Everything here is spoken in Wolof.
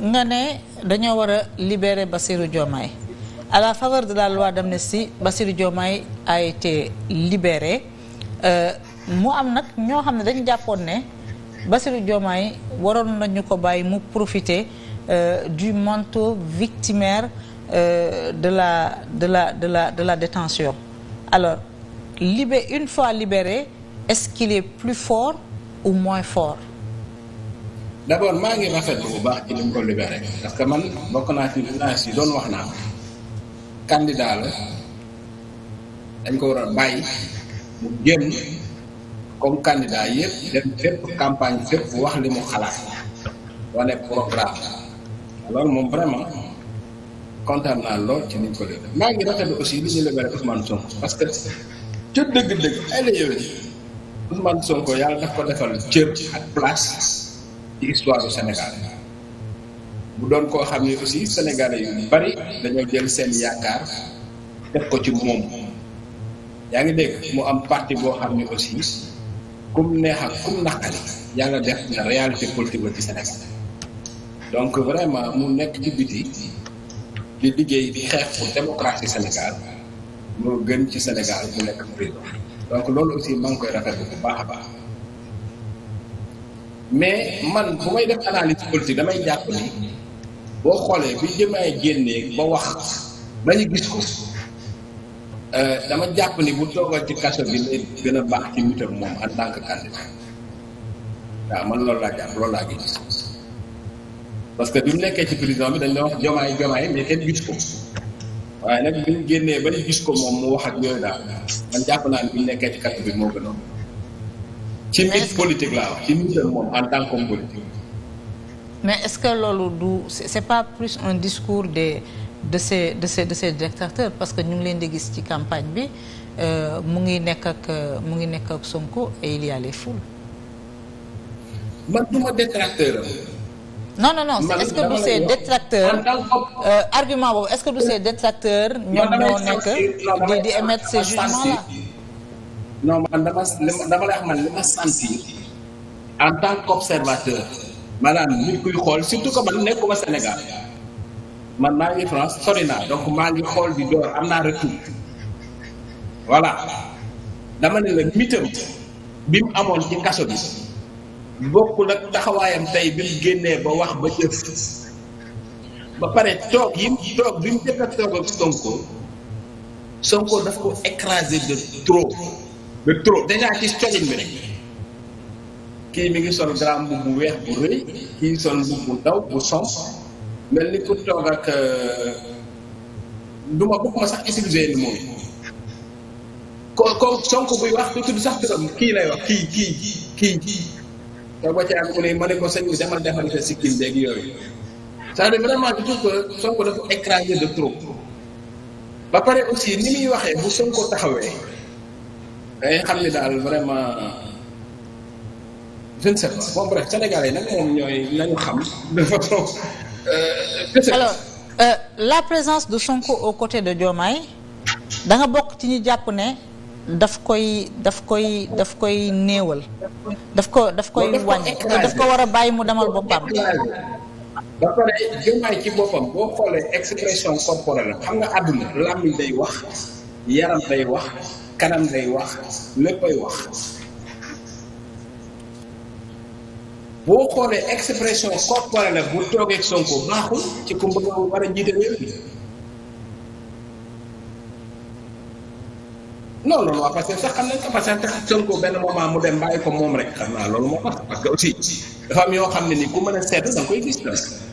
nga ne dañoo war a libérer Bassirou Diomaye à la faveur de la loi d'amnistie Bassirou Diomaye a été libéré euh, mu am nag ñoo xam ne dañu jàppoon ne Bassirou Diomaye waroon nañu ko bàyyi mu profiter euh, du manteau victimaire euh, de la de la de la de la détention alors libé une fois libéré est plus fort ou moins fort d' abord maa ngi rafetlu bu baax ci ni mu ko libéré parce que man bokk naa ci journaliste yi doon wax naa candidat la dañ ko war a bàyyi mu génn comme candidat yëpp dem fépp campagne fépp wax li mu xalaat wane programme alors moom vraiment kontaan naa lool ci niñ ko libéré maa ngi rafetlu aussi li ñu libéré Ousmane Sonko parce que ca dëgg-dëgg ay la yëwén Ousmane Sonko yàlla daf ko defal cër ak place ci histoire du Sénégal bu doon koo xam ne aussi sénégalais yu bari dañoo jël seen yaakaar teg ko ci moom yaa ngi dégg mu am parti boo xam ne aussi kum neex ak kum naqari yàlla def na réalité politique la ci Sénégal donc vraiment mu nekk ci biti di liggéey di xeex pour démocratie Sénégal moo gën ci Sénégal mu nekk président donc loolu aussi maa ngi koy rafetlu bu baax a mais man bu may def analyse politique damay jàpp ni boo xoolee bi jëmaay génnee ba wax ba ñu gis ko euh, dama jàpp ni bu toogal ci kaso bi lay gën a baax ci nitam moom en tant que candidat waaw man loolu laa jàpp loolu laa gis parce que bi nekkee ci prison bi dañ la wax jomaay jomaay mais kenn gis ko waaye nag bi ñu génnee ba ñu gis ko moom mu wax ak yooyu daal man jàpp naa ni bi mu nekkee ci kaso bi moo gënoon. ci nit politique laa ci nit moom en tant qu'homme politique. mais est-ce que loolu du c'est pas plus un discours des de ces de ces de ces dictateurs parce que ñu ngi leen di gis ci campagne bi euh, mu ngi nekk ak mu ngi nekk ak Sonko et il y a les foules. man du ma détracteur non non non est-ce que euh, argument boobu est-ce que ñoom ñoo nekk di di émettre ces jugements là non man dama dama lay wax man li ma sentir en tant qu'observateur maanaam nit kuy xool surtout que man nekkuma Sénégal man maa ngi France sori naa donc maa ngi xool bi door am naa retour voilà dama ne la mitam bi mu amoon ci kaso bi bokkul ak taxawaayam tey bi mu génnee ba wax ba jëf ba pare toog yi toog bi mu jëkk a toog ak Sonko Sonko daf ko écrasé de trop de trop déjà ci colin bi rek kii mi ngi sol grand mbubb mu weex bu rëy kii sol mbubb bu ndaw bu somp mel ni ku toog ak euh, du ma bëgg ma sax ni moom ko ko Sonko buy wax du tudd sax turam kii lay wax kii kii kii kii te ba caa ku ma ne ko sëñ bi demal defal sa sikkim beeg yooyu vraiment je trouve que Sonko dafa écrasé de trop ba pare aussi ni muy waxee bu Sonko taxawee. dangay xam ni daal vraiment euh, je ne sais pas bon bref sénégalais nag moom ñooy nañu xam de euh, façon. alors euh, la présence de Sonko aux côtés de Diomaye da bokk ci ñu jàpp ne daf koy daf koy daf koy néewal. daf ko daf koy daf ko war a bàyyi mu demal boppam. ba pare ci boppam boo xoolee expression corporelle xam nga àdduna làmmiñ day wax yaram day wax. kanam day wax léppay wax boo xoolee expression corporelle la bu toogeeg Sonko baaxul ci ku bëgg a war a jiite réew bi non loolu waa parce que sax xam nañ ko parce que Sonko benn moment mu dem bàyyi ko moom rek xam naa loolu moo tax parce que aussi dafa am yoo xam ne ni ku mën a sedd da nga koy gis.